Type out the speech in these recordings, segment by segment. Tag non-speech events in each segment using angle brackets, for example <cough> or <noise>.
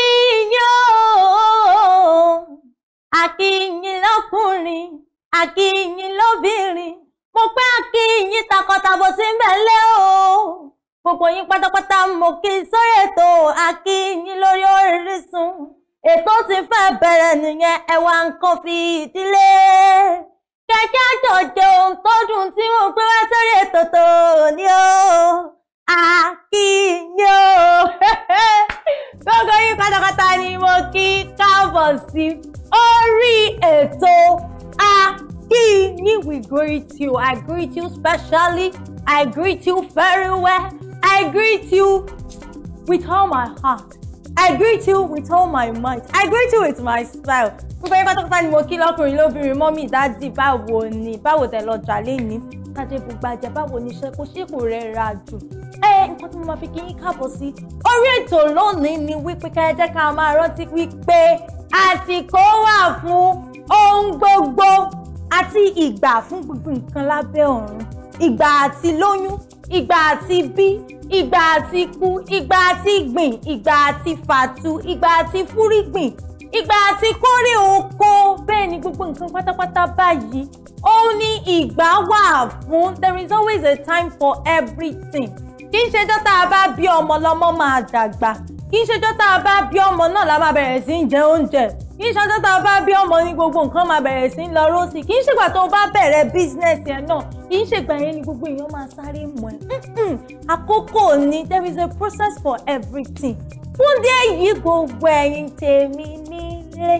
Akinyo, ooo akínyìn lọ́kùnrin akínyìn lóbìnrin mo pé akínyìn takọtabo tí ń bẹ̀lẹ́ o gbogbo yín pátápátá mo kí sórí ètò akínyìn lórí Orísun ètò ti fẹ́ bẹ̀rẹ̀ nìyẹn ẹwà nǹkan fi ìdílé kẹ̀kẹ́ àjọjẹ ohun tó dùn tí mo gbé wá sórí ètò tòní o akínyó gbogbo yín pátápátá ni mo kí káàbọ̀ sí orí ètò akínyí we greet you i greet you specially i greet you very well i greet you with all my heart i greet you with all my might i greet you with my style gbogbo yín pátápátá ni mo kí lọ́kùnrin lóbìnrin mọ́mì dádì báwo ni báwo tẹ̀ lọ́jà lẹ́ni tàdébùgbàjẹ́ báwo ni iṣẹ́ kó ṣe kò rẹ̀ ra jù ẹ eh, nǹkan tí mo máa fi kí yín káàbọ̀ sí orí ètò lónìí ni wípé ká ẹ jẹ́ ká máa rántí wípé àsìkò wà fún ohun gbogbo àti ìgbà fún gbogbo nǹkan lábẹ́ ọ̀run ìgbà àti lóyún ìgbà àti bí ìgbà àti kú ìgbà àti gbìn ìgbà àti fàtú ìgbà àti fúrígbìn ìgbà àti kórè oko bẹ́ẹ̀ ni gbogbo nǹkan pátápátá báyìí ó ní ìgbà wà fún there is always a time for everything kì í ṣe jọ́ tá a bá bí ọmọ lọ́mọ máa dàgbà kì í ṣe jọ́ tá a bá bí ọmọ náà la máa bẹ̀rẹ̀ sí í jẹ oúnjẹ kì í ṣe jọ́ tá a bá bí ọmọ ní gbogbo nǹkan máa bẹ̀rẹ̀ sí í lọ rọ́ọ̀sì kì í ṣègbà tó o bá bẹ̀rẹ̀ bísínẹ́sì ẹ̀ náà kì í ṣègbà yẹn ni gbogbo èèyàn máa sáré mọ̀ ẹ́ àkókò ni there is a process for everything fún díẹ̀ yìí gbogbo ẹ̀yin tèmi nílé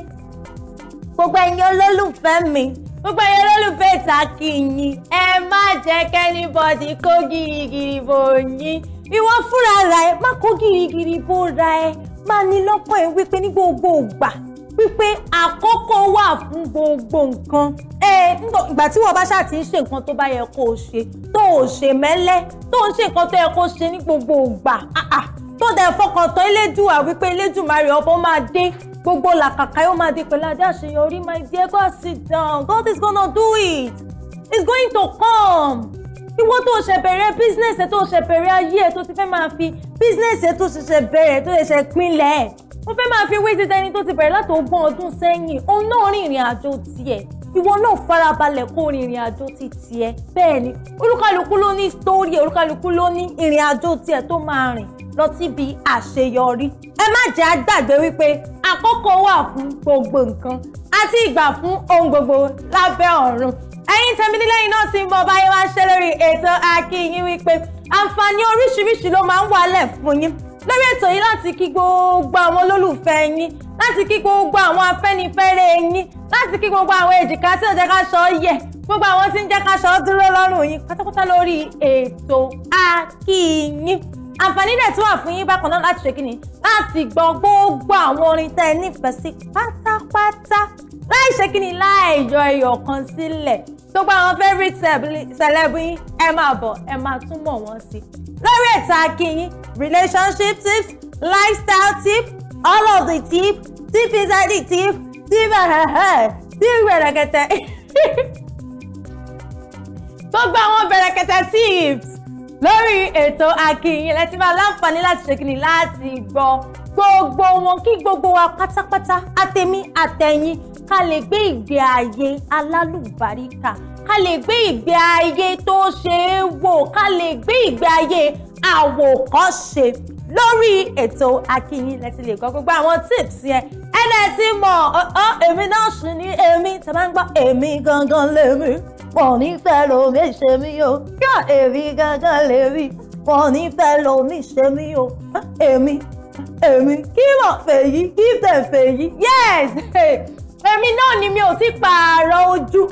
gbogbo ẹ̀yin olólùfẹ́ mi gbogbo ẹyẹ lólùfẹ́ ìtàkì yín ẹ má jẹ́ kẹ́nìbọ̀dì kó gírígírí bò yín ìwọ fúnra ra ẹ má kó gírígírí bò ra ẹ má ní lọ́pọ̀ ẹ wípé ní gbogbo ìgbà wípé àkókò wà fún gbogbo nǹkan ẹ ìgbà tí wọ́n bá ṣáà ti ń ṣe nǹkan tó bá yẹ kó o ṣe tó o ṣe mẹ́lẹ́ tó o ń ṣe nǹkan tó yẹ kó o ṣe ní gbogbo ìgbà ah, ah tó dẹ̀ fọkàn tán elédùà wípé elédùmarè ọbọ̀ máa dé gbogbo làkàkà yóò máa di pẹ̀lú adé àṣeyọrí my dear go sit down God is gonna do it it's going to come ìwọ tó ṣe bẹ̀rẹ̀ business ẹ̀ tó ṣe bẹ̀rẹ̀ ayé ẹ̀ tó ti fẹ́ máa fi business ẹ̀ tó ṣẹ̀ṣẹ̀ bẹ̀rẹ̀ tó ṣẹ̀ṣẹ̀ pinlẹ̀ ẹ̀ ó fẹ́ máa fi wí títa ẹni tó ti bẹ̀rẹ̀ láti ogún ọdún sẹ́yìn òun náà rìn ìrìn àjò tiẹ̀ ìwọ náà farabalẹ̀ kó rìn ìrìn àjò ti tiẹ̀ bẹ́ẹ̀ ni olúkálukú ló ní story olúkálukú ló ní ìrìn àjò tiẹ̀ tó máa rìn lọ síbi àṣeyọrí ẹ má jẹ́ àgbàgbé wípé àkókò wà fún gbogbo nǹkan àti ìgbà fún ohun gbogbo lábẹ́ ọ̀run ẹ̀yin tẹ̀mí nílé iná tí mo bá yẹ wá ṣe lórí ètò akínyìn wípé àǹfààní oríṣiríṣi ló máa ń wálẹ̀ fún yín lórí ètò yìí láti kí gbogbo àwọn olólùfẹ́ yín láti kí gbogbo àwọn afẹ́nifẹ́re yín láti kí gbogbo àwọn èjìká tí ò jẹ́ ká ṣọ́ yẹ̀ gbogbo àwọn tí ń jẹ́ ká ṣọ́ dúró lọ́rùn yín pátápátá lórí ètò akínyìn àǹfààní dẹ̀ tún wà fún yín bákan náà láti ṣe kí ni láti gbọ́ gbogbo àwọn orin tẹ́ ẹ nífẹ̀ẹ́ sí pátápátá láì ṣe kí ni láì yọ ẹyọ kan sílẹ̀ gbogbo àwọn favourite celeb yín ẹ máa bọ̀ ẹ máa tún mọ̀ wọ́n sí i lórí ètò AkiiYin relationship tips lifestyle tips all of the tips tip inside the tips tips ẹ̀hẹ̀hẹ̀ tips gbẹ̀rẹ̀kẹ̀tẹ̀ <laughs> gbogbo àwọn gbẹ̀rẹ̀kẹ̀tẹ̀ tips lórí ètò AkiiYin lẹ́tí máa láǹfààní láti ṣe kìnnì láti gbọ́ gbogbo wọn kí gbogbo wa pátápátá àtẹ̀mí àtẹ̀yìn ká lè gbé ìgbé ayé alálùbáríkà ká lè gbé ìgbé ayé tó ṣe é wò ká lè gbé ìgbé ayé àwòkọ́ṣe lórí ètò AkiiYin lẹ́tí lè gbọ́ gbogbo àwọn tips yẹn ẹnẹ ti mọ̀ ọ́ èmi náà sì ni èmi tẹ̀ máa ń gbọ́ èmi gangan lèmi wọn fellow, fẹ́ lomi ṣe mí o yá èmi fellow, lè rí wọn ní fẹ́ lomi ṣe mí o èmi èmi kí wọ́n fèyí kí tẹ̀ fèyí yes èmi náà ni mi ò ti pààrọ̀ ojú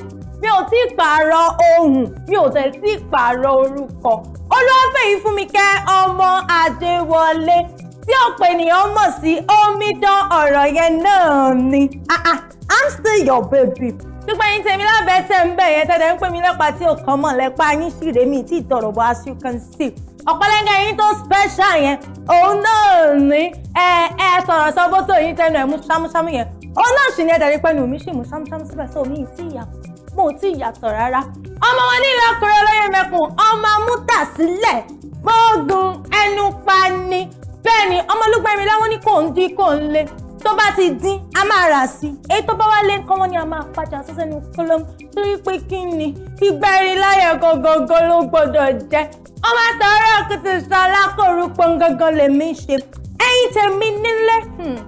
mi ò tí ì pààrọ̀ ohùn mi ò tẹ̀ tí ì pààrọ̀ orúkọ olúwàfẹ̀yì si ọmọ adéwọlé tí ọ̀pọ̀ ènìyàn mọ̀ sí omidan ọ̀rọ̀ yẹn náà ah, ah, i'm still your baby gbogbo ẹ̀yin tèmi lábẹ́ tẹ̀ ń bẹ̀ yẹn tẹ̀tẹ̀ ń pè mí lẹ́pa tí ò kàn mọ̀ lẹ́pa yín sì rèmi tí ìtọ̀rọ̀ bọ̀ as you can see ọ̀pọ̀lẹ́gà yín tó special yẹn òun náà ní ẹ ẹ sọ̀rọ̀ sọ bótó yín tẹnu ẹ̀ mú ṣámúṣámú yẹn òun náà sì ní ẹ̀dá rípẹ́ nu mi sì mú ṣámúṣámú síbẹ̀ sí omi tí ìyàtọ̀ mo ò tí ìyàtọ̀ rárá ọmọ wọn ní ilé ọkùnrin tó bá ti dín a máa rà sí i èyí tó bá wá lé nǹkan ni a máa padà sọ́sẹ́nu kọlọ́mù torí pé kí ni gbígbẹ́rin láyọ̀ gangan ló gbọ́dọ̀ jẹ́ ọmọ àtọ̀rọ̀ kìtì sọ alákòrúpọ̀ gangan lèmi ṣe ẹ̀yin tèmi nílé hmm,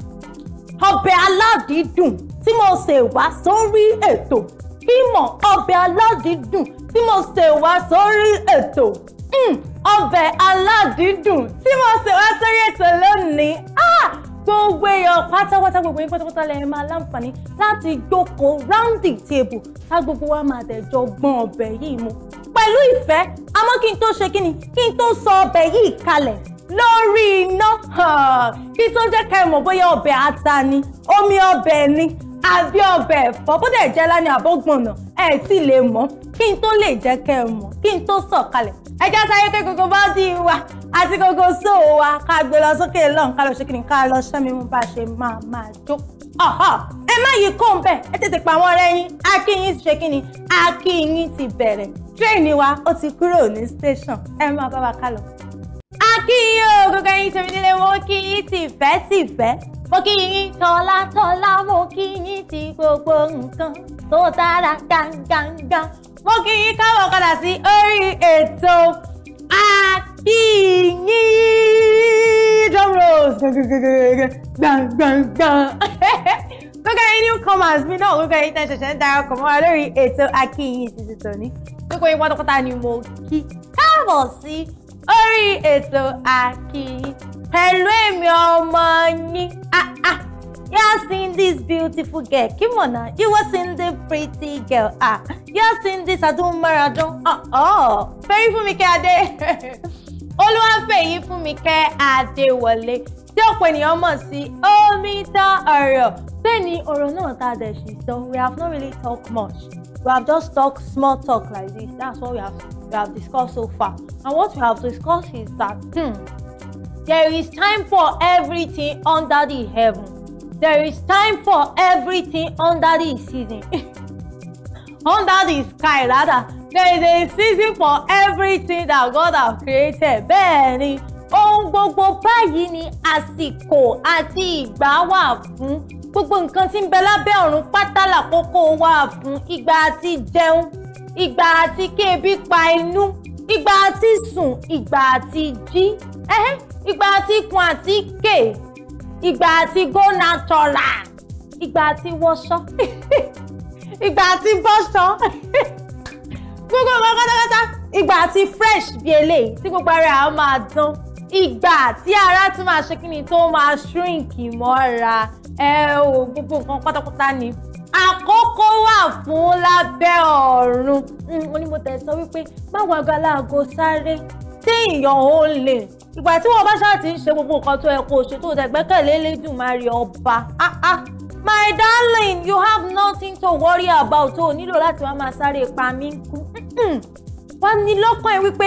ọbẹ̀ aládìídùn tí mo ṣe wá sórí ètò kímọ̀ ọbẹ̀ aládìídùn tí mo ṣe wá sórí ètò hmm, ọbẹ̀ aládìídùn tí mo ṣe wá sórí ètò lónìí. Ah! gbogbo èèyàn pátápátá gbogbo yín pátápátá lẹ́yìn máa láǹfààní láti jókòó round the table ká gbogbo wa máa tẹ̀jọ gbọ́n ọbẹ̀ yìí mu pẹ̀lú ìfẹ́ àmọ́ kí n tó ṣe kí ni kí n tó sọ ọbẹ̀ yìí kalẹ̀ lórí iná kí tó jẹ́ ká ẹ mọ̀ bóyá ọbẹ̀ ata ni omi ọbẹ̀ ni àbí ọbẹ̀ ẹ̀fọ́ bó dẹ̀ jẹ́ lánàá àbọ̀gbọ̀nà ẹ̀ tí lè mọ̀ kí n tó lè jẹ́ kẹ́ ẹ mọ̀ kí n tó sọ̀kalẹ̀ ẹ já sáyé pé gbogbo bá di wa àti gbogbo sóò wa ká gbé lọ sókè lọ́hùn ká lọ ṣe kí ni ká lọ ṣẹ́mi mú bá a ṣe máa máa jó ọ̀họ̀ ẹ má yí kó ń bẹ̀ ẹ tètè pa àwọn ọ̀rẹ́ yín akínyín ti ṣe kí ni akínyín ti bẹ̀rẹ̀ tírẹ̀nì wa ó ti kúrò ní station ẹ máa bá wa ká lọ kí yín o gbogbo ẹ̀yin tèmi nílé mo kí yín tìfẹ́tìfẹ́ mo kí yín tọ́látọ́lá mo kí yín ti gbogbo nǹkan tó dára gangan mo kí yín káwọ̀ padà sí orí ètò akíyín drum rolls gbàngbàngbàn gbogbo ẹ̀yin newcomers mi náà gbogbo ẹ̀yin tẹ́ ṣẹ̀ṣẹ̀ ń darapọ̀ mọ́ra lórí ètò akíyín ti tuntun ní gbogbo ẹ̀yin pátápátá ni mo kí káàbọ̀ sí orí ètò Àkíìyí pẹ̀lú èmi ọmọ yín. Ah, ah. You have seen this beautiful girl, Kimona. You have seen the pretty girl. Ah, you have seen this Adun Maradon. Ah, oh, oh, Fẹ́rí Fúnmikẹ́ Adé. <laughs> Olúwafẹ́yì Fúnmikẹ́ Adéwọlé. Tí ọ̀pọ̀ ènìyàn mọ̀ sí Omidan Ọ̀rọ̀. Bẹ́ẹ̀ ni ọ̀rọ̀ náà tá a dẹ̀ ṣì sọ, we have not really talked much we have just talked small talk like this that's what we have we have discussed so far and what we have discussed is that hmm, there is time for everything under the heaven there is time for everything under the season <laughs> under the sky rather there is a season for everything that God has created bẹ́ẹ̀ ohun gbogbo báyìí ni àsìkò àti ìgbà wà fún gbogbo nǹkan tí ń bẹ lábẹ́ ọ̀run pátá lákòókò wà fún ìgbà àti jẹun ìgbà àti kébi pa inú ìgbà àti sùn ìgbà àti jí ìgbà àti kun àti kè ìgbà àti go natural ìgbà àti wọṣọ <laughs> ìgbà àti bọ́ṣọ <laughs> gbogbo ọmọ pátápátá ìgbà àti fresh bí eléyìí tí gbogbo ara á máa dán ìgbà tí ara tún máa ṣe kí ni tó máa shrink mọ́ra ẹ ò gbogbo nǹkan pátápátá ni àkókò wà fún lábẹ́ ọ̀run hmm, mo sọ wípé báwo agaláago sáré tí ìyàn ò lè ìgbà tí wọn bá ṣáà ti ń ṣe gbogbo nǹkan tó yẹ kó ṣe tó o tẹ̀ gbẹ́kẹ̀lé lẹ́dùnmarè ọba ah, ah. my darling you have nothing to worry about o nílò láti wá máa sáré pa mí kú hmm, hmm. wá ní lọ́kàn ẹ wípé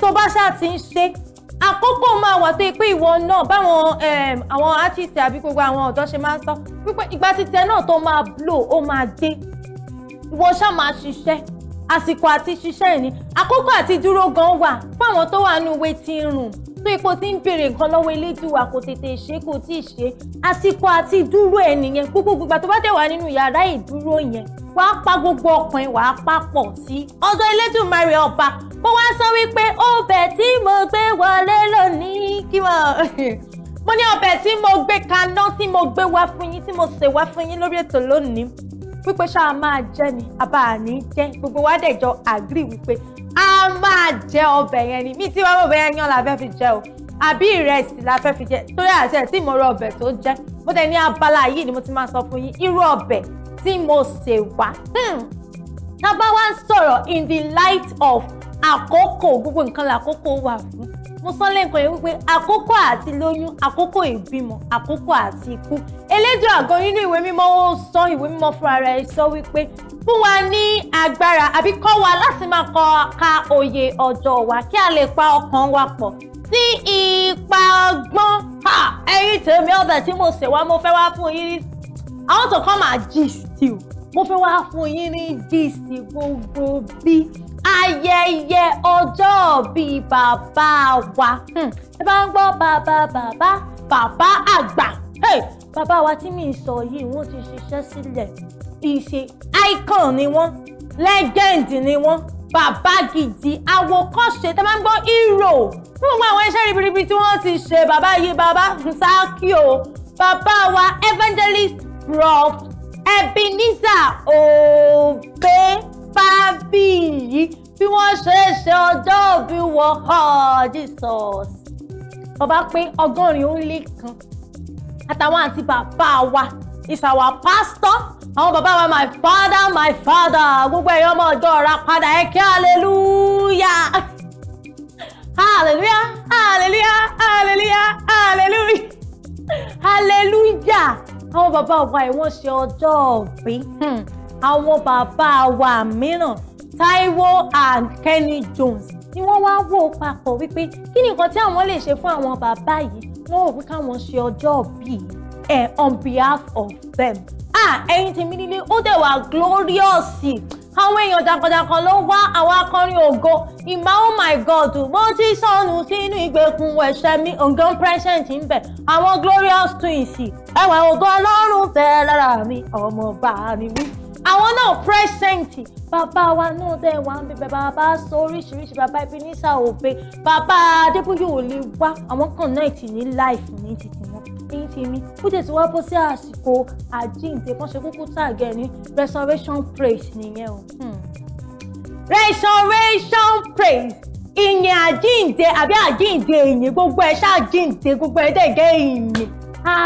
tó bá ṣáà ti ń ṣe àkókò máa wà tó pé ìwọ náà báwọn ehm, àwọn artist àbí gbogbo àwọn ọ̀dọ́ ṣe máa ń sọ wípé ìgbà títẹ náà tó máa blow ó máa dé ìwọ ṣáà máa ṣiṣẹ́ àsìkò àti ṣiṣẹ́ ìní àkókò àti dúró gan wà fáwọn tó wà ní waiting room tó ipò tí ń béèrè nǹkan lọ́wọ́ elédùwà kò tètè ṣe kò tí ì ṣe àsìkò àti dúró ẹ̀ nìyẹn gbogbo gbogbo àti tó bá dẹ̀ wà nínú yàrá ìdúró yẹn wàá pa gbogbo ọkàn ẹ̀ wàá pa pọ̀ sí ọ̀dọ̀ elédùmarè ọba kó wá sọ wípé ọbẹ̀ tí mo gbé wọlé lónìí kí wọ́n <laughs> mo ní ọbẹ̀ tí mo gbé kaná tí mo gbé wá fún yín tí mo sè fún yín lórí ètò lónìí wípé ṣá a máa jẹ ni àbá àní jẹ gbogbo wa dẹ̀ jọ agree wípé a máa jẹ ọbẹ̀ yẹn ni mi tí wàá ọbẹ̀ yẹn yan la fẹ́ fi jẹ o àbí ìrẹsì la fẹ́ fi jẹ torí àti ẹ̀ tí mo rọ ọbẹ̀ tó jẹ́ mo tẹ̀ ní abala yìí ni mo ti máa sọ fún yín irú ọbẹ̀ tí mo ṣe wá hmm. tá a bá wá ń sọ̀rọ̀ in the light of àkókò gbogbo nǹkan làkókò wà fún mo sọ lẹ́ẹ̀kan yẹn wípé àkókò àti lóyún àkókò ìbímọ àkókò àti ikú elédùn àgọ́ nínú ìwé mímọ́ ó sọ ìwé mímọ́ fúnra rẹ̀ sọ wípé fún wa ní agbára àbí kọ́ wa láti máa kọ ka òye ọjọ́ wa kí a lè pa ọkàn wa pọ̀ sí ipa ọgbọ́n ẹ̀yin tèmi ọbẹ̀ tí mo sè wá mo fẹ́ wá fún yín I want to come and gist you mo fẹ́ wá fún yín ní gist gbogbo bí ayẹyẹ ọjọ́ bíi bàbá wa hmm. ẹ bá ń gbọ́ bàbá bàbá bàbá àgbà bàbá wa tí mi sọ yìí wọ́n ti ṣiṣẹ́ sílẹ̀ ìṣe icon ni wọ́n legend ni wọ́n bàbá gidi àwòkọ́ṣe tá a ń gbọ́ hero fún gbogbo àwọn iṣẹ́ ribiribi tí wọ́n ti ṣe bàbá yìí bàbá Sákì bàbá wa evangelist prof Ebenezer Obey fábíyì bí wọ́n ṣe ṣe ọjọ́ òbí wọ Jesus bàbá pé ọgọ́rin ó lé kan àtàwọn àti bàbá wa is our pastor àwọn bàbá wa my father my father gbogbo ẹ̀yọ́ ọmọ ọjọ́ ọ̀ra padà ẹ kí hallelujah hallelujah hallelujah hallelujah hallelujah hallelujah àwọn bàbá wa ẹ̀ wọ́n ṣe ọjọ́ òbí. Hmm àwọn bàbá wa mìíràn Táíwò and Kenny Jones ni wọ́n wá wò papọ̀ wípé kí ni nǹkan tí àwọn lè ṣe fún àwọn bàbá yìí wọ́n ò wí káwọn ṣe ọjọ́ bíi ẹ̀ on behalf of them. ah ẹ̀yin tèmi nílé ó dẹ̀ wá glorious àwọn èèyàn jànkànjànkàn ló wá àwọn akọrin ògo ìmọ̀ oh my god mo ti sọnù sínú ìgbèkùn ẹ̀ṣẹ̀ mi ògán present ń bẹ̀ àwọn glorious twins ẹ̀wọ̀n ògo ọlọ́run fẹ́ lára mi ọmọ bá a ni wí àwọn náà pírẹsẹ̀ǹtì bàbá wa náà dẹ̀ wà ń bẹ bàbá sọ oríṣiríṣi bàbá Ebenezer Obey bàbá Adébóyè ò lè wá àwọn connect ní life ní títí wọn èyí ti mi ó dẹ̀ ti wá bọ́ sí àsìkò àjíǹde kan ṣe kúkú tàgẹ̀ ní restoration praise nìyẹn o. Hmm. restoration praise ìyìn àjíǹde àbí àjíǹde ìyìn gbogbo ẹ̀ ṣáà jíǹde gbogbo ẹ̀ dẹ̀ gẹ́ ìyìn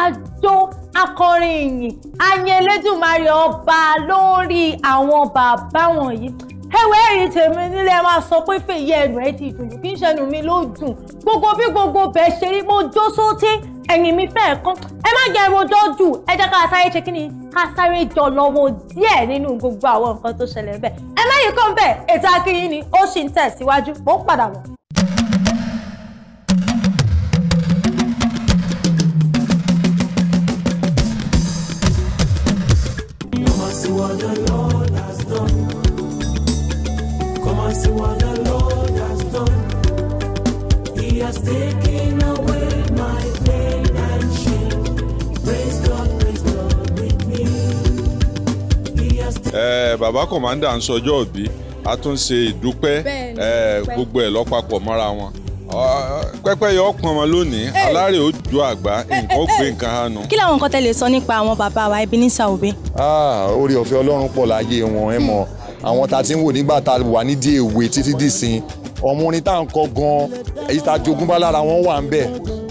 àjò akọrin ìyìn ayin Elédùmarè ọba lórí àwọn bàbá wọ̀nyí ẹwẹ́ ẹ̀yìn tèmi nílé máa sọ pé fèyí ẹnu ẹ ti dùn kí n ṣẹnu mi ló dùn gbogbo bí gbogbo bẹ́ẹ̀ ṣe rí mo jó sótí ẹ̀yìn mi fẹ́ẹ̀ kán ẹ má jẹ́ rojọ́ jù ẹ jẹ́ ká sáré ṣe kí ni ká sáré jọ lọ́wọ́ díẹ̀ nínú gbogbo àwọn nǹkan tó ṣẹlẹ̀ bẹ́ẹ̀ ẹ má yìí kàn bẹ́ẹ̀ ètò akínyìn ni ó sì ń tẹ̀síwájú mo ń padà bọ̀. see what the Lord has done. Come and see what the Lord has done. He has taken away my pain and shame. Praise God, praise God with me. He has Eh, Baba Commander ń sọjọ́ òbí a tún ṣe eh, ìdúpẹ́ gbogbo ẹ̀ lọ́pàpọ̀ mọ́ra wọn pẹ́pẹ́yẹ ọ̀pọ̀n wọn lónìí alárè ó ju àgbá nǹkan ó gbé nǹkan hànú. kí làwọn nǹkan tẹ́lẹ̀ sọ nípa àwọn bàbá wa Ebenezer Obey. Ah, orí ọ̀fẹ́ Ọlọ́run pọ̀ láyé wọn ẹ hmm. mọ̀ àwọn tá a ti ń wò nígbà tá a wà nídìí èwe títí dìsín ọmọ orin tá à ń kọ gan èyí tá a jogúnbá lára wọn wà ń bẹ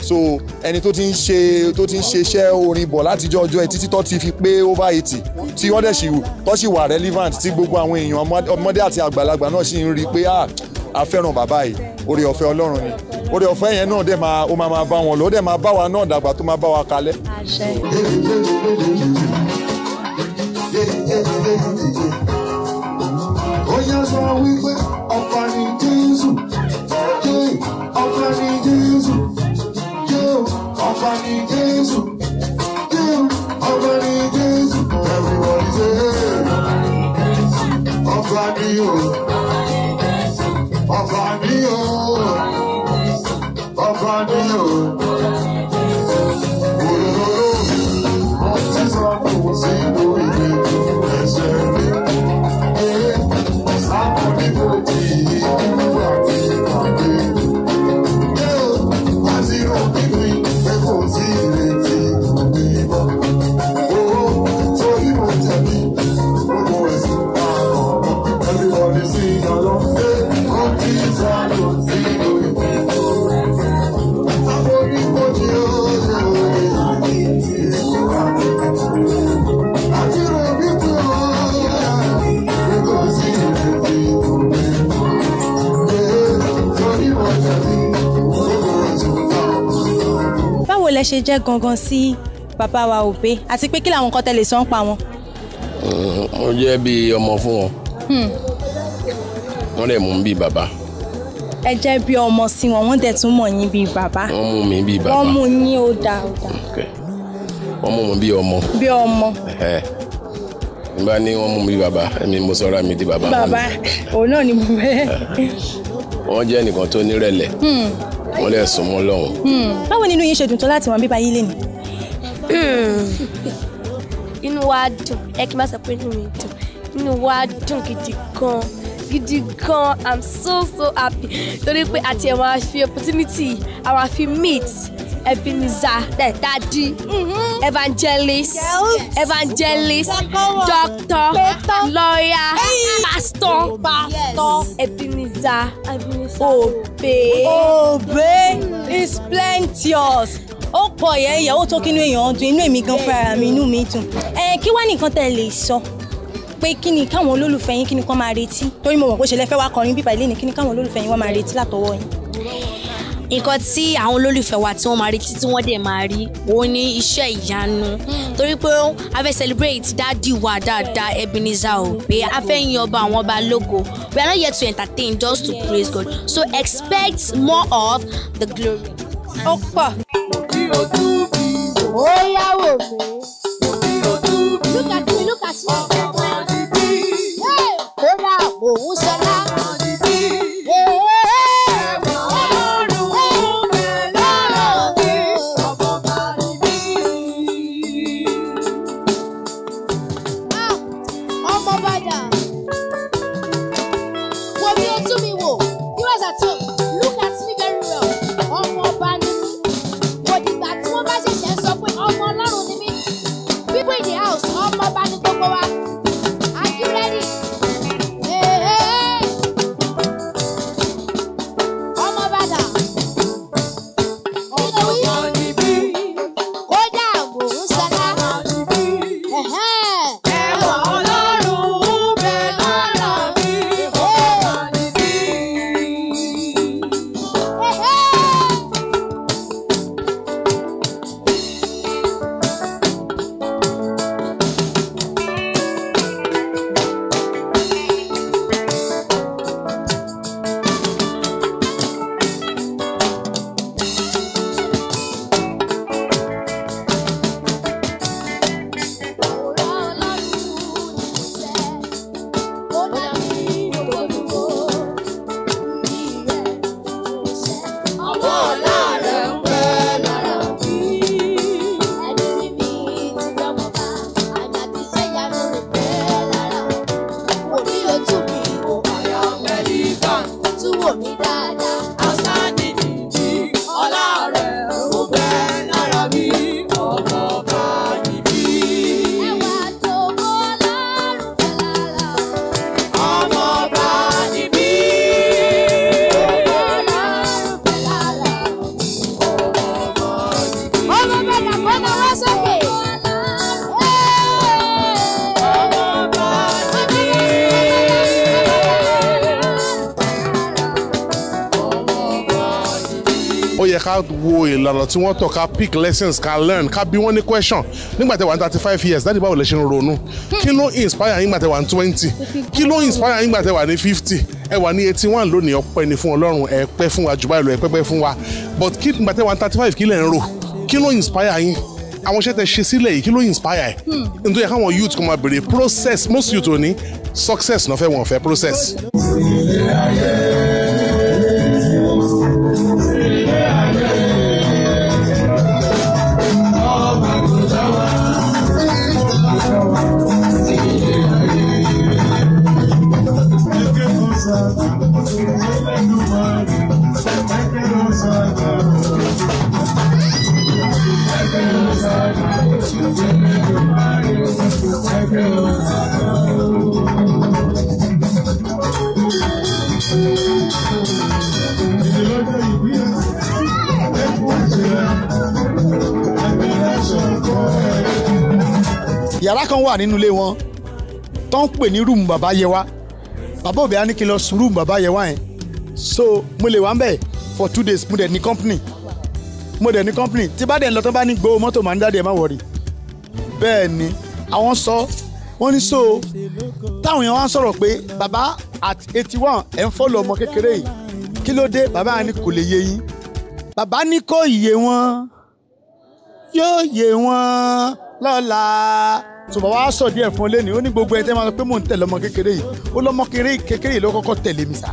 so ẹni tó ti ń ṣe tó ti ń ṣe iṣẹ́ orin bọ̀ látijọ́ ọjọ́ ẹ títí tó ti fi pé over eighty tí wọ́n dẹ̀ sì tó sì wà relevant tí gbogbo àwọn èèyàn ọmọdé àti àgbàlagbà náà sì ń rí i pé ah, a fẹ́ràn bàbá yìí oore ọ̀fẹ́ ọlọ́run ni oore ọ̀fẹ́ yẹn náà dẹ̀ máa ó máa bá wọn lọ ó dẹ̀ máa bá wa náà dàgbà tó máa bá wa kalẹ̀. ó lẹ ṣe jẹ́ gangan sí bàbá wa Obey àti pé kí làwọn nǹkan tẹ́ lè sọ ń pa wọn. Hm, mo jẹ́ bí ọmọ fún wọn hmm. wọ́n dẹ̀ mú bí bàbá. ẹ jẹ́ bí ọmọ sí wọn wọ́n dẹ̀ tún mọ̀ yín bí bàbá. wọ́n mú mi bí bàbá. wọ́n mú yín ó da ó da. wọ́n mú mi bí ọmọ. bí ọmọ. nígbà ní wọ́n mú mi bí bàbá èmi mo sọ ara mi di bàbá. bàbá òun náà ni mo fẹ́. wọ́n jẹ́ ẹnìkan tó nírẹ̀lẹ̀. Hmm wọ́n lè sún mọ́ lọ́hùn. Hmm, báwo nínú yín ṣe dùn tó láti wọn bíbá yín lé hmm, inú wa dùn ẹ kí n má sọ pé inú mi dùn inú wa dùn gidi gan gidi gan i'm so so happy torí pé àti ẹ̀ máa fi opportunity àwọn àfi meet Ebenezer Daddy mm-hmm. evangelist evangelist doctor lawyer pastor Ebenezer. Administer. Administer. Obey. Obey is plenteous. Ó pọ̀ yẹn ìyàwó tó kínú èèyàn dùn inú èmi gan fúnra mi inú mi dùn. Ẹ kí wá nìkan tẹ́ lè sọ pé kí ni káwọn olólùfẹ́ yín kí ni kán máa retí torí mo mọ̀ pé ó ṣe lẹ́fẹ́ wá kọrin bíbá ilé ni kí ni káwọn olólùfẹ́ yín wá máa retí látọwọ́ yín nǹkan tí àwọn olólùfẹ́ wa tí wọ́n máa rí títí wọ́n dẹ̀ máa rí òun ní iṣẹ́ ìyanu torí pé a fẹ́ celebrate dáàdì wa dáadáa Ebenezer Obey a fẹ́ yin ọba àwọn ọba logo. we are not here to entertain just to praise God so expect more of the glory. ó pọ̀. ìlànà tí wọ́n tọ̀ ká pick lessons ká learn ká bí wọ́n ní question nígbà tẹ́ thirty five years dáàdi báwo lẹ ṣe ń ronú kí ló inspire yín nígbà tẹ́ ní twenty kí ló inspire yín nígbà tẹ́ ní fifty ẹ wà ní eighty one lónìí ọpẹ́ ni fún Ọlọ́run ẹ pẹ́ fún wa jùbá ìlú ẹ pẹ́pẹ́ fún wa but kí nígbà tẹ́ thirty five kí lẹ ń rò kí ló inspire yín àwọn iṣẹ́ tẹ́ ṣe sílẹ̀ yìí kí ló inspire ẹ̀ hmm. nítorí káwọn youth kò máa béèrè process most youth ò ní success náà fẹ́ wọ́n fẹ́ process. wà nínú ilé wọn tó ń pè ní rúùmù bàbá Yẹwà bàbá òbí á lọ sùn rúùmù bàbá Yẹwà yẹn so mo lè wà ń bẹ̀ for two days mo dẹ̀ ní company mo dẹ̀ ní company tí bá dẹ̀ ń lọ tán bá ní gbowó mọ́tò máa ń jáde ẹ̀ má wọ̀rì bẹ́ẹ̀ ni àwọn sọ wọ́n ní so táwọn èèyàn wá ń sọ̀rọ̀ pé bàbá at eighty one ẹ̀ ń fọ́lọ̀ ọmọ kékeré yìí kí ló dé bàbá ni kò lè yé yín bàbá ní kò yé wọn yóò yé wọn lọ́la ṣùgbọ́n wàá sọ díẹ̀ fún ọ lẹ́nu ó ní gbogbo ẹ̀ tẹ́ máa sọ pé mò ń tẹ̀lé ọmọ kékeré yìí ó lọ́mọ kékeré yìí ló kọ́kọ́ tẹ̀lé mi sá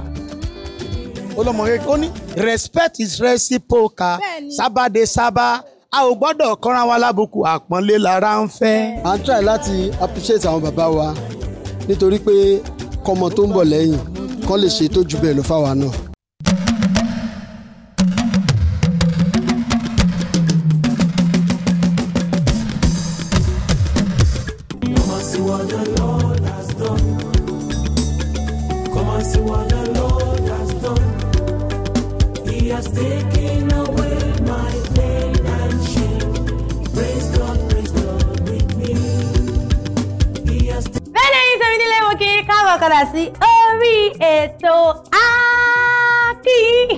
ó lọ́mọ kékeré ó ní respect is reciprocal sábàdé sábà a ò gbọ́dọ̀ kọ́ra wa lábùkù àpọ́nlé lára ń fẹ́. à ń try láti appreciate àwọn bàbá wa nítorí pé kọ́mọ tó ń bọ̀ lẹ́yìn kọ́ lè ṣe tó bẹ́ẹ̀ lọ fáwa náà. sí orí ètò AKiiyi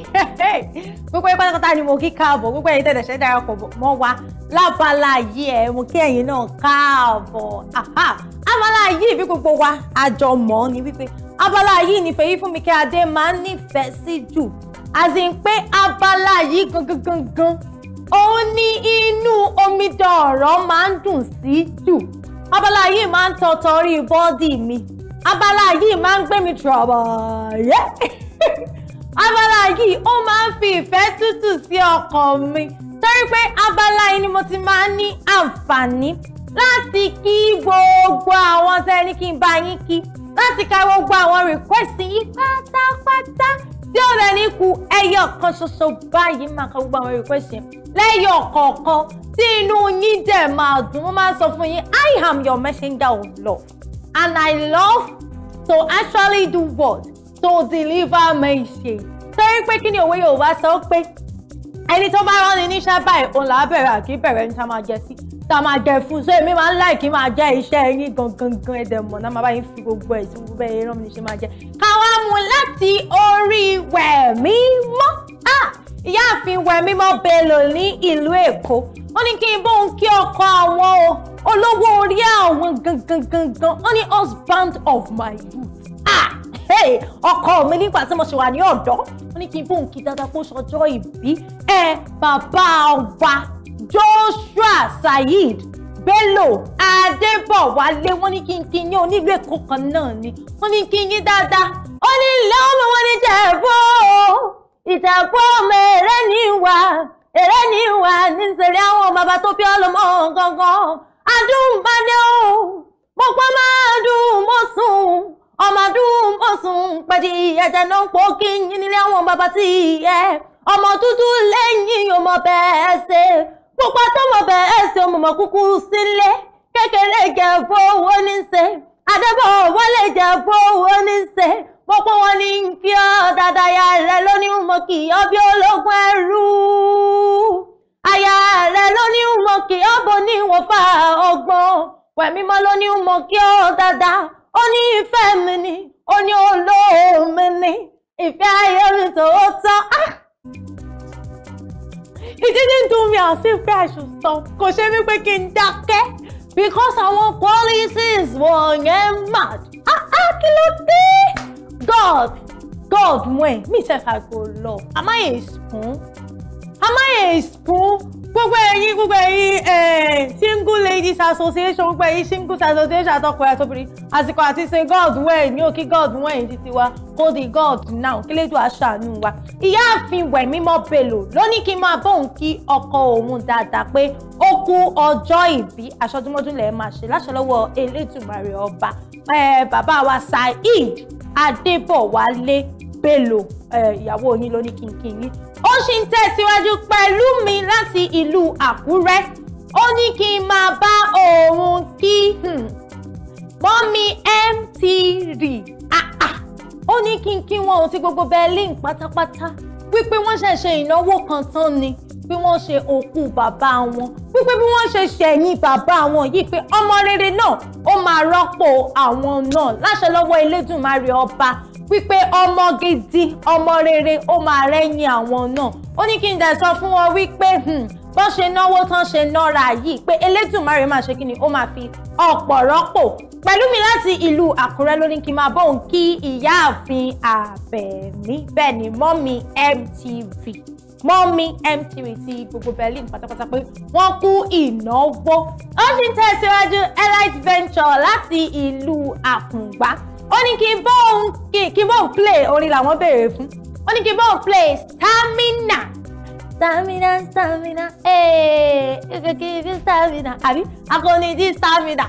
gbogbo yín pátápátá ni mo kí káàbọ̀ gbogbo ẹ̀yin tẹ̀lé ṣẹ́ darapọ̀ mọ́ wa lábala yìí ẹ̀ mo kí ẹ̀yin náà káàbọ̀ abala yìí bí gbogbo wa àjọ mọ́ ni wípé abala yìí ni Fẹ́yìfúnmi Adé máa ń nífẹ̀ẹ́ sí jù àti pé abala yìí gangan gangan òun ni inú omidan ọ̀rọ̀ máa ń dùn sí jù abala yìí máa ń tọ̀tọ̀ rí bọ́dì mi abala yìí máa ń gbé mi trọ̀bọ̀ yẹ́ <laughs> abala yìí ó máa ń fi ìfẹ́ tútù sí ọkàn mi torí pé abala yìí ni mo ti máa ń ní àǹfààní láti kí gbogbo àwọn tẹ́ni kí n bá yín kí láti ka gbogbo àwọn request yìí pátápátá tí ó rẹ̀ ní ku ẹyọ kan ṣoṣo báyìí máa ka gbogbo àwọn request yẹn lẹ́yọ kọ̀ọ̀kan tí inú yín dẹ̀ máa dùn mo máa sọ fún yín I am your messenger of love. And I love to actually do what? To deliver message. Sẹ́yìn pé kí ni òwe Yorùbá sọ pé ẹni tó bá rán ni níṣẹ́ báyìí òun là á bẹ̀rẹ̀ àkí bẹ̀rẹ̀ ní tá máa jẹ sí tá máa jẹ fún so èmi máa ń láì kí máa jẹ iṣẹ́ yín gangan gan ẹ̀dẹ̀ mọ̀ náà máa bá yín fi gbogbo ẹ̀ sí gbogbo ẹ̀ rán mi ṣe máa jẹ. Káwá mu láti orí Wẹ̀mí mọ́ ìyáàfin Wẹ̀mí mọ́ Bello ní ìlú Èkó ó ní kí n bóun kí ọkọ àwọn o olówó orí àwọn gangan gangan wọ́n ní husband of my youth ah hey ọkọ mi nígbà tí mo ṣe wà ní ọ̀dọ́ wọ́n ní kí n bóun kí dáadáa kó ṣọjọ́ ìbí ẹ bàbá ọba Joshua Saheed Bello Adébọ̀wálé wọ́n ní kí n kí yín onílù Èkó kan náà ni wọ́n ní kí yín dáadáa ó ní ilé ọmọ wọn ní Ìjẹ̀bú Ìjẹ̀bú ọmọ ẹ̀rẹ́ ní wà ẹ̀rẹ́ ní wà ní sẹ̀rẹ̀ àwọn bàbá tó bí ọlọ́mọ gangan. adúmbadéo mọ̀pọ̀ máa dùn mọ́sùn ọmọ dùn mọ́sùn pẹ̀dí ẹ̀jẹ̀ náà ń pọ̀ kí n nílé àwọn bàbá tí ẹ ọmọ dúdú lẹ́yìn ọmọ bẹ́ẹ̀ ṣe pupa tọmọ bẹ́ẹ̀ ọ dada ya kì í ọ̀bọ ní wò fa ọgbọ́n wẹ̀mí mọ́ ló ní mọ̀ kí ó dáadáa ó ní ìfẹ́ mi ni ó ní olómi ni ìfẹ́ ayé mi tòótọ́. It ah! didn't do me as if I should stop kò ṣe mí pé kí n dákẹ́ because àwọn policies wọ̀nyẹn mad ah, ah, kí ló dé God God mọ̀ ẹ́ mi sef I go love am I a spoon am I a spoon gbogbo ẹ̀yin gbogbo ẹ̀yin eh, single ladies association gbogbo ẹ̀yin singles association àtọkùnrin àtobìnrin àsìkò àti ṣe god wẹ̀yìn ní òkè god wẹ̀yìn títí wa kó di god now kí lẹ́jọ́ aṣàánú wa. ìyáàfin Wẹ̀mímọ́ Bello ló ní kí n máa bóun kí ọkọ òun dáadáa pé ó kú ọjọ́ ìbí aṣọ́dúnmọ́dún lẹ́ẹ̀ máa ṣe láṣọ lọ́wọ́ Elédùmarè ọba eh, bàbá wa Saheed Adébọ̀wálé Bello ìyàwó yín ló ní kínkín yín. ó sì ń tẹ̀síwájú pẹ̀lú mi láti ìlú Àkúrẹ́ ó ní kí n máa bá òun kí hmm, mọ́mí MTV ah, ah. ó ní kínkín wọn ò ti gbogbo Berlin pátápátá wípé wọ́n ṣe ṣe ìnáwó kan tán ni pé wọ́n ṣe òkú bàbá wọn wípé bí wọ́n ṣe ṣẹ̀yìn bàbá wọn yìí pé ọmọ rere náà ó máa rọ́pò àwọn náà láṣẹ lọ́wọ́ Elédùmarè ọba wípé ọmọ gidi ọmọ rere ó máa rẹ́yìn àwọn náà ó ní kí n dẹ̀ sọ fún wọn wípé hmm, bọ́n ṣe náwó tán ṣe nọ́ra yìí pé Elédùmarè máa ṣe kí ni ó máa fi ọ̀pọ̀ rọ́pò pẹ̀lú mi láti ìlú Àkúrẹ́ ló ní kí n máa bóun kí ìyáàfin Àbẹ̀ní bẹ́ẹ̀ ni mọ́mí MTV mọ́mí MTV ti gbogbo Berlin pátápátá pé wọ́n kú ìnáwó ó sì ń tẹ̀síwájú Elite Venture láti ìlú Àkùngbá ó ní kí n bọ́ òun kí n bọ́ òun play orin làwọn béèrè fún ó ní kí n bọ́ òun play stamina stamina stamina ee ike kí n fi stamina àbí akọni di stamina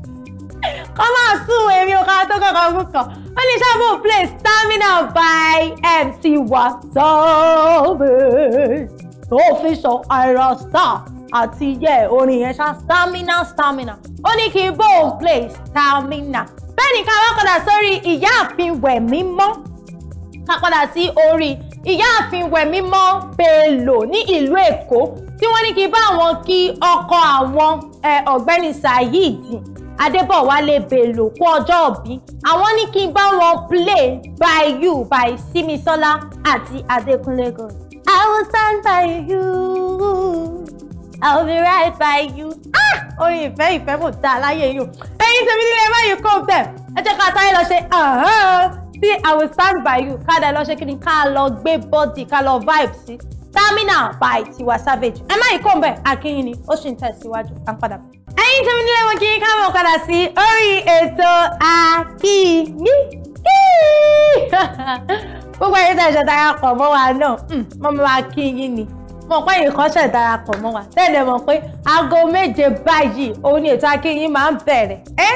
<laughs> kọ́ máa sùn èmi ò ká tó kọ́kọ́ fún kan ó ní sábà òun play stamina by MC Wasabi official fi sọ àìrọ̀ star àti yẹ orin yẹn ṣá stamina stamina ó ní kí n bọ́ òun play stamina bẹ́ẹ̀ ni ká wá padà sórí ìyáàfin wẹ̀mímọ́ ká padà sí orí ìyáàfin wẹ̀mímọ́ Bello ní ìlú Èkó tí wọ́n ní kí bá wọn kí ọkọ àwọn ọ̀gbẹ́ni Saheed Adébọ̀wálé Bello kú ọjọ́ òbí àwọn ní kí n bá wọn play by you by Simisola àti Adékúnlé Gold. I will stand by you. I'll be right by you. Ah! Orin ìfẹ́ ìfẹ́ mò ń ta aláyé yìí o. Ẹyin tèmi nílé ẹ má yìí kó bẹ́ẹ̀. Ẹ jẹ́ ká sáré lọ ṣe uh-huh. sí I will stand by you. Ká dá lọ ṣe kí ni ká lọ gbé bọ́dì ká lọ vibe sí. Terminal by Tiwa Savage. Ẹ má yìí kó bẹ́ẹ̀ akínyìn ni ó sì ń tẹ̀síwájú. À ń padà bọ̀. Ẹyin tèmi nílé wọn kí n ká mọ̀ padà sí orí ètò Àkíìyí. <laughs> Gbogbo ẹ̀yin tẹ̀sán tara pọ̀ mọ́ wa náà, mọ́ mi wá kí yín ni mọ̀ pé ìkọ́ṣẹ́ ìdarapọ̀ mọ́ wa tẹ́lẹ̀ mọ̀ pé aago méje báyìí òun ni ètò akínyìn máa ń bẹ̀rẹ̀ ẹ́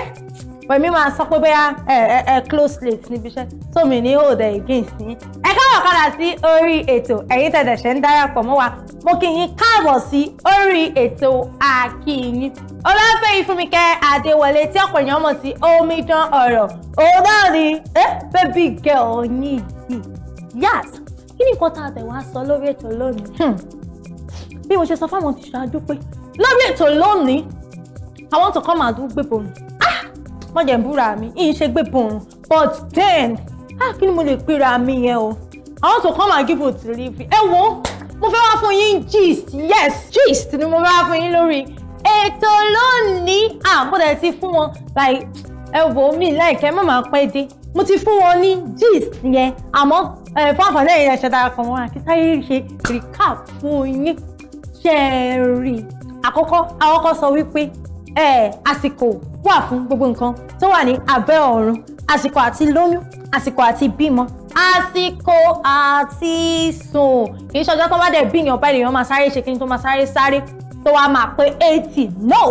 pẹ̀mí máa sọ pé bóyá ẹ ẹ ẹ close late níbi iṣẹ́ tómi ní òde against yín ẹ káàbọ̀ padà sí orí ètò ẹ̀yin tẹ̀dẹ̀ ṣẹ̀ ń darapọ̀ mọ́ wa mo kí yín káàbọ̀ sí orí ètò Àkíìyín Ọláfẹ́ Ìfúnmikẹ́ Adéwọlé tí ọ̀pọ̀ èèyàn mọ̀ sí Omidan Ọ̀rọ̀ òun náà ni ẹ baby girl yín yìí yas kí ni nǹkan tá a tẹ̀ wá sọ lórí ètò lónìí. Hmm bí mo ṣe sọ fáwọn aṣáájú pé lórí ètò lónìí i want to come and do gbé borun ah mo jẹ̀ ń búra mi ìyìn ṣe gbé borun but then ah kí ni mo lè pera mi yẹn o i want to come and give you to live ẹ wo mo fẹ́ wá fún yín gist yes gist ni mo fẹ́ wá fún yín lórí ètò lónìí ah mo dẹ̀ ti fún wọn like ẹ wò mí láìkẹ́ má máa pẹ́ dé mo ti fún wọn ní gist yẹn àmọ́ fún àǹfààní ẹ̀yìn ẹ̀ṣẹ̀ darapọ̀ wọn àti sáré ṣe recap fún yín ṣe é rí àkọ́kọ́ àkọ́kọ́ sọ wípé àsìkò wà fún gbogbo nǹkan tó wà ní abẹ́ ọ̀run àsìkò àti lóyún àsìkò àti bímọ àsìkò àti sùn kì í ṣọjọ́ tó bá dẹ̀ bí èèyàn bá èèyàn máa sáré ṣe kí n tó máa sáré sáré tó wá máa pé eighty no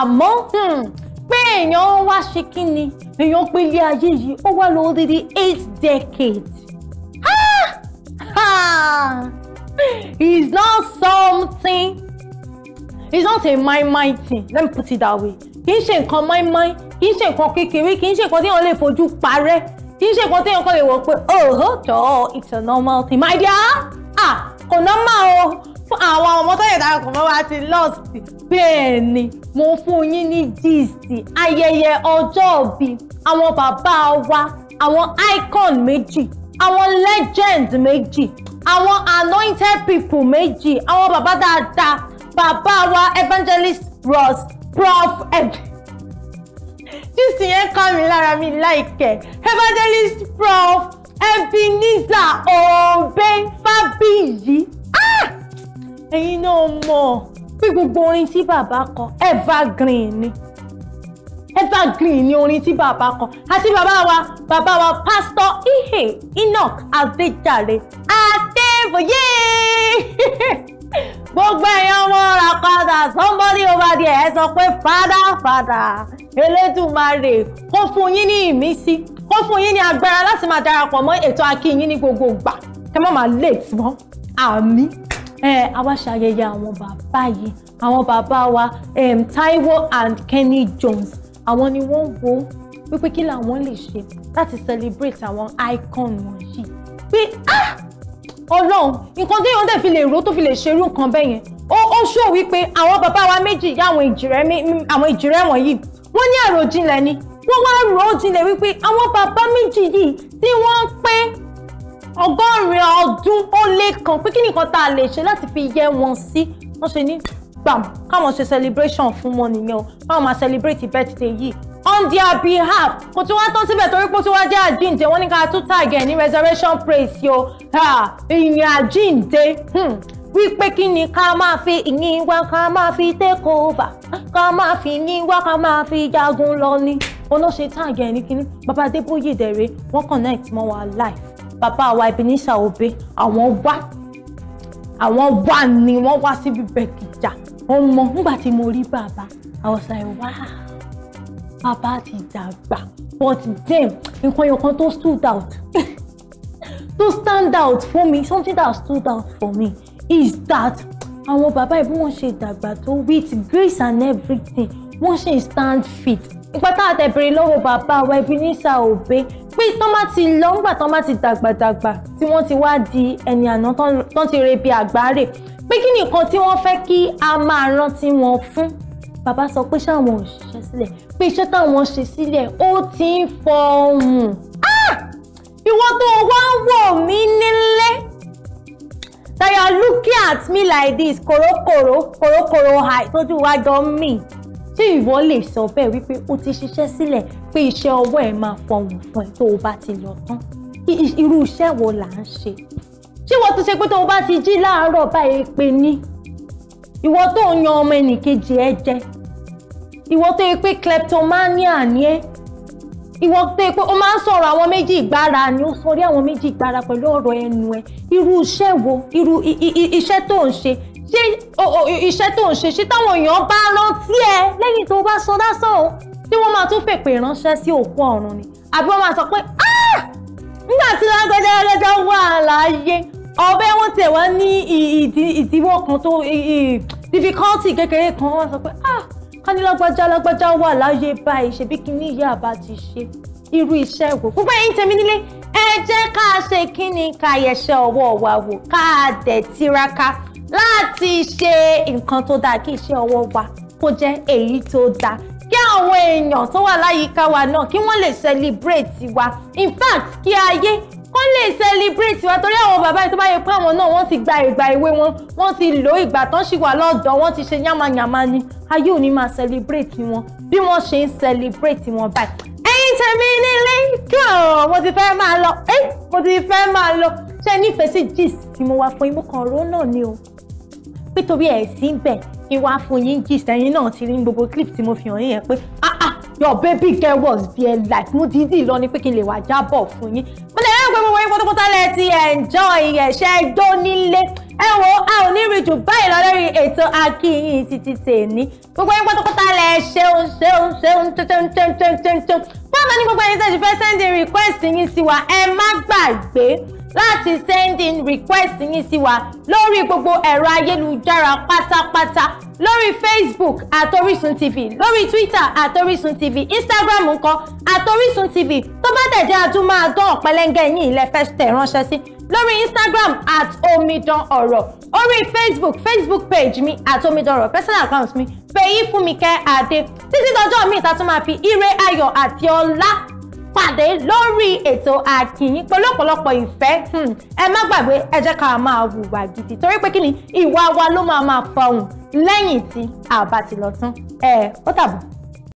àmọ́ hmm, pé èèyàn wá ṣe kí ni èèyàn pé ilé ayé yìí ó wá lọ odidi eight decades. Ah! Ah! It's not something. It's not a mind-mind thing. Let me put it that way. Kì í ṣe nǹkan mind-mind, kì í ṣe nǹkan kékeré, kì í ṣe nǹkan tí èèyàn lè fojú parẹ́, kì í ṣe nǹkan tí kan lè wọ̀ pé oh jọ̀ọ́ it's a normal thing. My dear, ah kò normal o fún àwọn ọmọ tó yẹ dára kò mọ́ wá ti lost. Bẹ́ẹ̀ ni mo fún yín ní gist ayẹyẹ ọjọ́ ìbí àwọn bàbá wa àwọn icon méjì àwọn legend méjì àwọn anointed people méjì àwọn bàbá dáadáa bàbá wa evangelist Ross prof ed tíìsì yẹn ká mi lára mi láìkẹ evangelist prof Ebenezer Obey Fábíyì ah! ẹ̀yin náà mọ̀ pé gbogbo orin tí bàbá kọ evergreen ni evergreen ni orin tí bàbá kan àti bàbá wa bàbá wa pásítọ̀ ihe enoch adéjàre àtẹ̀bọ̀yé <laughs> gbogbo èèyàn wọn ra padà somebody over there ẹ sọ pé fada fada elédùnmarè kó fún yín ní ìmísí kó fún yín ní agbára láti máa darapọ̀ mọ́ ètò akínyín ní gbogbo ìgbà kẹ́ má máa late mọ́ àmì ẹ àwa ṣayẹyẹ àwọn bàbá yìí àwọn bàbá wa um, Taiwo and Kenny Jones àwọn ni wọ́n wo wípé kí làwọn lè ṣe láti celebrate àwọn icon wọ̀nyí pé ah ọlọ́run nǹkan tí yóò dẹ̀ fi lè rò tó fi lè ṣerú nǹkan bẹ́ẹ̀ yẹn ó ó ṣó wípé àwọn bàbá wa méjì yá àwọn ìjìrẹ́ àwọn ìjìrẹ́ wọ̀nyí wọ́n ní àròjinlẹ̀ ni wọ́n wá rò ó jinlẹ̀ wípé àwọn bàbá méjì yìí tí wọ́n pé ọgọ́rin ọdún ó lé kan pé kí nìkan tá a lè ṣe láti fi yẹ wọn sí wọ́n ṣe ní gbàm káwọn ṣe celebration fún wọn nìyẹn o káwọn máa celebrate birthday yìí on their behalf kò tí wọ́n tán síbẹ̀ torí pé tí wọ́n jẹ́ àjíǹde wọ́n ní ká tún tàgẹ̀ ní resurrection praise yo. ìyìn àjíǹde hmm. wípé kí ni ká máa fi ìyìn wa ká máa fi take over ká máa fi ìyìn wa ká máa fi jagun lọ ni olóṣè tàgẹ̀ ní kíní bàbá Adébóyè dẹ̀rẹ̀ wọ́n connect mọ́ wa live bàbá wa Ebenezer Obey àwọn wá àwọn wà ní wọ́n wá síbi bẹ̀kìjà wọ́n mọ nígbà tí mo rí bàbá àwọ̀sà ẹ̀ wá bàbá ti dàgbà but then nǹkan yọkan tó stood out tó stand out for me something that stood out for me is that àwọn bàbá ìbí wọn ṣe dàgbà tó with grace and everything wọ́n ṣì ń stand fit ìgbà tá a tẹ̀ bèrè lọ́wọ́ bàbá wa Ebenezer Obey pé tán bá ti lọ ńgbà tán bá ti dàgbàdàgbà tí wọ́n ti wá di ẹni àná tán ti rebi àgbáre pé kí nìkan tí wọ́n fẹ́ kí a máa rántí wọn fún bàbá sọ pé ṣáwọn òṣìṣẹ́ sílẹ̀ pé iṣẹ́ táwọn ṣe sílẹ̀ ó ti ń fọhùn ah! ìwọ tó wá ń wò mí nílé that you are looking at me like this kòrókòró kòrókòró eye tójú wájọ mi tí ìwọ lè sọ bẹ́ẹ̀ wípé o ti ṣiṣẹ́ sílẹ̀ pé iṣẹ́ ọwọ́ ẹ̀ máa fọwọ́n fún ẹ tó o bá ti lọ tán irú iṣẹ́ wo là ń ṣe ṣé wọ́n tún ṣe pé tó o bá ti jí láàárọ̀ báyìí pé ní ìwọ tó ń yan ọmọ ẹnìkejì ẹ jẹ ìwọ tó yẹ pé kleptomania ni ẹ ìwọ tó yẹ pé ó máa ń sọ̀rọ̀ àwọn méjì ìgbára ni ó sọ rí àwọn méjì ìgbára pẹ̀lú ọ̀rọ̀ ẹnu ẹ irú iṣẹ́ wo irú iṣẹ́ tó ń ṣe ṣé iṣẹ́ tó ń ṣe ṣé táwọn èèyàn bá rántí ẹ lẹ́yìn tó bá sọ dásán o tí wọ́n máa tún fèpè ránṣẹ́ sí òkú ọ̀run ni àbí wọ́n máa sọ pé ah! nígbà tí lágbẹ́dẹ́ ẹlẹ́dẹ́ wà láàyè ọbẹ̀ wọn tẹ̀ wá ní ìdíwọ́ kan tó difficulty kékeré kan wọ́n sọ pé ah! kánilágbájá lágbájá wà láàyè báyìí ṣebí kíní ìyá àbá ti ṣe irú iṣẹ́ wò gbogbo ẹ̀yin tèmi nílé ẹ jẹ́ ká ṣe kíni ká yẹ̀ṣẹ́ ọwọ́ wa wò ká dẹ̀ tiraka láti ṣe nǹkan tó dáa kí iṣẹ́ ọwọ́ wa kó jẹ́ èyí tó dáa kí àwọn èèyàn tó wà láyìíká wa náà kí wọ́n lè celebrate wa in fact kí ayé wọ́n lè celebrate wa torí àwọn bàbá yìí tó bá yẹ pé àwọn náà wọ́n ti gba ìgbà èwe wọn wọ́n ti lò ìgbà tán sì wà lọ́dọ̀ wọ́n ti ṣe yánmayànma ni ayé ò ní máa celebrate wọn bí wọ́n ṣe ń celebrate wọn báyìí. ẹ̀yin tèmi nílé gan-an mo ti fẹ́ máa lọ eh, mo ti fẹ́ máa lọ ṣé nífẹ̀ẹ́ sí gist tí mo wá fún imú kan ró náà ni o pé torí ẹ̀ sí ń bẹ̀ kí wá fún yín gist ẹ̀yin náà ti rí gbogbo clip tí mo fi hàn yẹn pé ah ah your baby girl was there like mo dídì lọ ni pé kí n lè wá jábọ̀ fún yín mo lè rẹ́ pé mo wọ́n pátápátá lẹ́ ti enjoy e, ẹ̀ṣẹ́ gbó nílé ẹ wo a ò ní rí jù báyìí lọ lórí ètò akíyìn títí tèmi gbogbo yín pátápátá lẹ ṣeun ṣeun ṣeun ṣeun ṣeun ṣeun ṣeun ṣeun fún àmọ́ ní gbogbo ẹ̀yin tẹ̀sí fẹ́ sẹ́ndìn request yín sí wa ẹ má gbàgbé láti send in request yín sí wa lórí gbogbo ẹ̀rọ ayélujára pátápátá lórí Facebook àtOrísun TV lórí Twitter àtOrísun TV Instagram nǹkan àtOrísun TV tó bá tẹ̀ jẹ́ adúmọ̀ àdán ọ̀pẹ̀lẹ́ngẹ̀ yín ilẹ̀ fẹ́ tẹ̀ ránṣẹ́ sí lórí Instagram at omidan ọ̀rọ̀ orí Facebook Facebook page mi at omidan ọ̀rọ̀ personal account mi fẹ́yí fúnmi kẹ́ adé títí dọjọ́ mi ìta tún máa fi ire ayọ̀ àti ọlá pàdé lórí ètò àkìyìn pẹ̀lú ọ̀pọ̀lọpọ̀ ìfẹ́ hmm, ẹ má gbàgbé ẹ jẹ́ ká máa hùwà gidi torí pé kí ni ìwà wa ló máa máa fọhùn lẹ́yìn tí a ti lọ tán ẹ ó tàbọ̀.